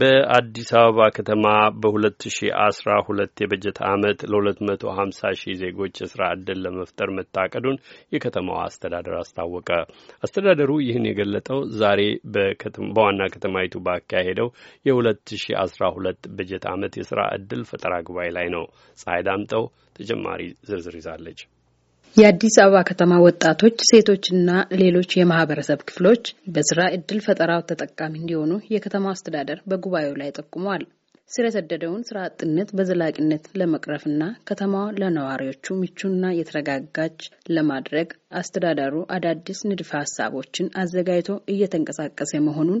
በአዲስ አበባ ከተማ በ2012 የበጀት ዓመት ለ250 ሺህ ዜጎች የሥራ ዕድል ለመፍጠር መታቀዱን የከተማዋ አስተዳደር አስታወቀ። አስተዳደሩ ይህን የገለጠው ዛሬ በዋና ከተማይቱ ባካሄደው የ2012 በጀት ዓመት የሥራ ዕድል ፈጠራ ጉባኤ ላይ ነው። ፀሐይ ዳምጠው ተጨማሪ ዝርዝር ይዛለች። የአዲስ አበባ ከተማ ወጣቶች ሴቶችና ሌሎች የማህበረሰብ ክፍሎች በስራ እድል ፈጠራው ተጠቃሚ እንዲሆኑ የከተማው አስተዳደር በጉባኤው ላይ ጠቁመዋል። ስር የሰደደውን ስራ አጥነት በዘላቂነት ለመቅረፍና ከተማዋ ለነዋሪዎቹ ምቹና የተረጋጋች ለማድረግ አስተዳደሩ አዳዲስ ንድፈ ሀሳቦችን አዘጋጅቶ እየተንቀሳቀሰ መሆኑን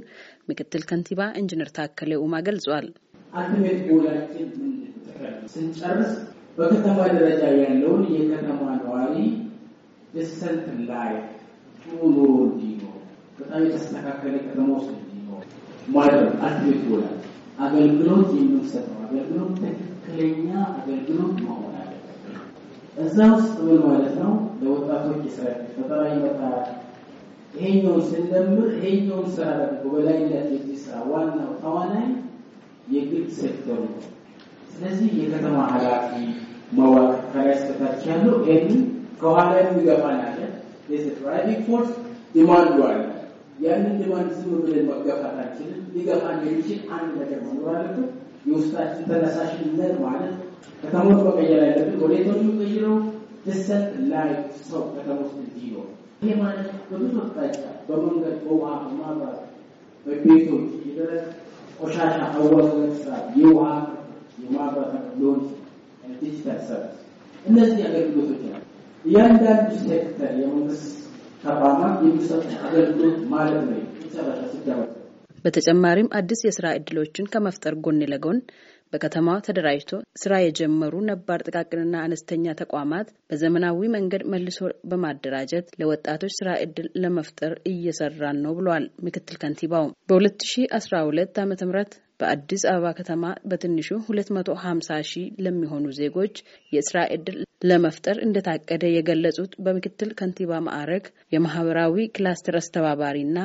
ምክትል ከንቲባ ኢንጂነር ታከሌ ኡማ ገልጿል። በከተማ ደረጃ ያለውን የከተማ ነዋሪ ደሰንት ላይ ኑሮ እንዲኖር በጣም የተስተካከለ ከተማ ውስጥ እንዲኖር ማድረግ አትቤት ይሆናል። አገልግሎት የምንሰጠው አገልግሎት ትክክለኛ አገልግሎት መሆን አለበት። እዛ ውስጥ ምን ማለት ነው? ለወጣቶች ስራ ፈጠራ ይመጣል። ይሄኛውን ስንደምር ይሄኛውን ስራ ደግሞ በላይነት የዚህ ስራ ዋናው ተዋናይ የግል ሴክተሩ ነው። ስለዚህ የከተማ ኃላፊ ኤዲ ከኋላ የሚገባ ያለ የሰብራዊ ፎርስ ዲማንዱ አለ። ያንን ዲማንድ ዝም ብለን መገፋታችንን ሊገፋ እንደሚችል አንድ ነገር መኖር አለበት። የውስጣችን ተነሳሽነት ማለት ከተሞች መቀየር ያለብን ወዴት ነው የሚቀይረው? ፍሰት ላይ ሰው ከተሞች እንዲኖር ይህ ማለት በብዙ አቅጣጫ በመንገድ፣ በውሃ፣ በማብራት፣ በቤቶች የደረስ ቆሻሻ አወጋገድ ስራ የውሃ የማብራት ሎጅ ዲጂታል ሰርቪስ እነዚህ አገልግሎቶች ናቸው። እያንዳንዱ ሴክተር የመንግስት ተቋማት የሚሰጡ አገልግሎት ማለት ነው። በተጨማሪም አዲስ የስራ እድሎችን ከመፍጠር ጎን ለጎን በከተማዋ ተደራጅቶ ስራ የጀመሩ ነባር ጥቃቅንና አነስተኛ ተቋማት በዘመናዊ መንገድ መልሶ በማደራጀት ለወጣቶች ስራ እድል ለመፍጠር እየሰራን ነው ብሏል። ምክትል ከንቲባው። በ2012 ዓ ም በአዲስ አበባ ከተማ በትንሹ 250 ሺህ ለሚሆኑ ዜጎች የስራ ዕድል ለመፍጠር እንደታቀደ የገለጹት በምክትል ከንቲባ ማዕረግ የማህበራዊ ክላስተር አስተባባሪና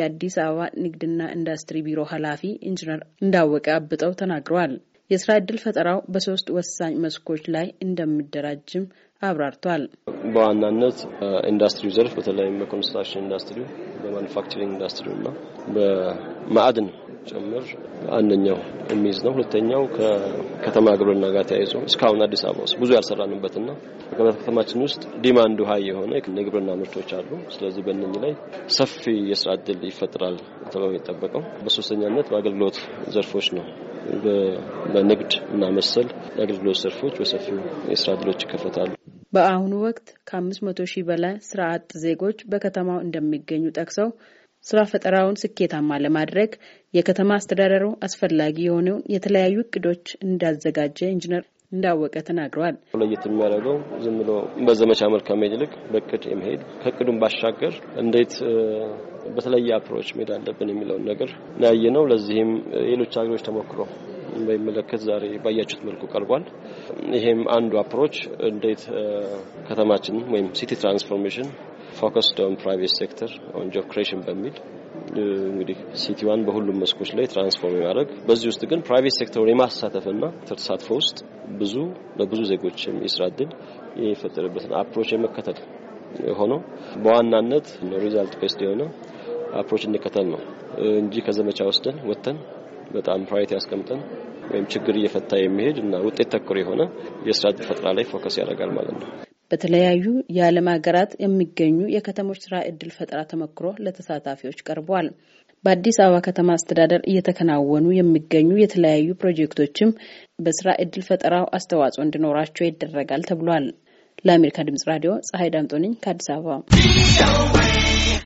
የአዲስ አበባ ንግድና ኢንዱስትሪ ቢሮ ኃላፊ ኢንጂነር እንዳወቀ አብጠው ተናግረዋል። የስራ እድል ፈጠራው በሶስት ወሳኝ መስኮች ላይ እንደሚደራጅም አብራርቷል። በዋናነት ኢንዱስትሪው ዘርፍ በተለይም በኮንስትራክሽን ኢንዱስትሪ፣ በማኑፋክቸሪንግ ኢንዱስትሪ እና በማዕድን ጭምር አንደኛው የሚይዝ ነው። ሁለተኛው ከከተማ ግብርና ጋር ተያይዞ እስካሁን አዲስ አበባ ውስጥ ብዙ ያልሰራንበትና ከተማችን ውስጥ ዲማንዱ ሀይ የሆነ የግብርና ምርቶች አሉ። ስለዚህ በእነኚህ ላይ ሰፊ የስራ እድል ይፈጥራል ተብሎ የሚጠበቀው በሶስተኛነት በአገልግሎት ዘርፎች ነው በንግድ እና መሰል የአገልግሎት ዘርፎች በሰፊው የስራ እድሎች ይከፈታሉ። በአሁኑ ወቅት ከአምስት መቶ ሺህ በላይ ስራ አጥ ዜጎች በከተማው እንደሚገኙ ጠቅሰው ስራ ፈጠራውን ስኬታማ ለማድረግ የከተማ አስተዳደሩ አስፈላጊ የሆነውን የተለያዩ እቅዶች እንዳዘጋጀ ኢንጂነር እንዳወቀ ተናግረዋል። ለየት የሚያደርገው ዝም ብሎ በዘመቻ መልክ ከመሄድ ይልቅ በቅድ የመሄድ ከቅዱም ባሻገር እንዴት በተለየ አፕሮች መሄድ አለብን የሚለውን ነገር ያየ ነው። ለዚህም ሌሎች ሀገሮች ተሞክሮ በሚመለከት ዛሬ ባያችሁት መልኩ ቀርቧል። ይሄም አንዱ አፕሮች እንዴት ከተማችን ወይም ሲቲ ትራንስፎርሜሽን ፎከስድ ኦን ፕራይቬት ሴክተር ኦን ጆብ ክሬሽን በሚል እንግዲህ ሲቲዋን በሁሉም መስኮች ላይ ትራንስፎርም የማድረግ በዚህ ውስጥ ግን ፕራይቬት ሴክተሩን የማሳተፍና ተሳትፎ ውስጥ ብዙ ለብዙ ዜጎች የስራ እድል የሚፈጠርበትን አፕሮች የመከተል ሆነው በዋናነት ሪዛልት ቤስድ የሆነ አፕሮች እንከተል ነው እንጂ ከዘመቻ ወስደን ወጥተን በጣም ፕራይት ያስቀምጠን ወይም ችግር እየፈታ የሚሄድ እና ውጤት ተኮር የሆነ የስራ እድል ፈጠራ ላይ ፎከስ ያደርጋል ማለት ነው። በተለያዩ የዓለም ሀገራት የሚገኙ የከተሞች ስራ እድል ፈጠራ ተመክሮ ለተሳታፊዎች ቀርቧል። በአዲስ አበባ ከተማ አስተዳደር እየተከናወኑ የሚገኙ የተለያዩ ፕሮጀክቶችም በስራ እድል ፈጠራው አስተዋጽኦ እንዲኖራቸው ይደረጋል ተብሏል። ለአሜሪካ ድምጽ ራዲዮ ፀሐይ ዳምጦ ነኝ ከአዲስ አበባ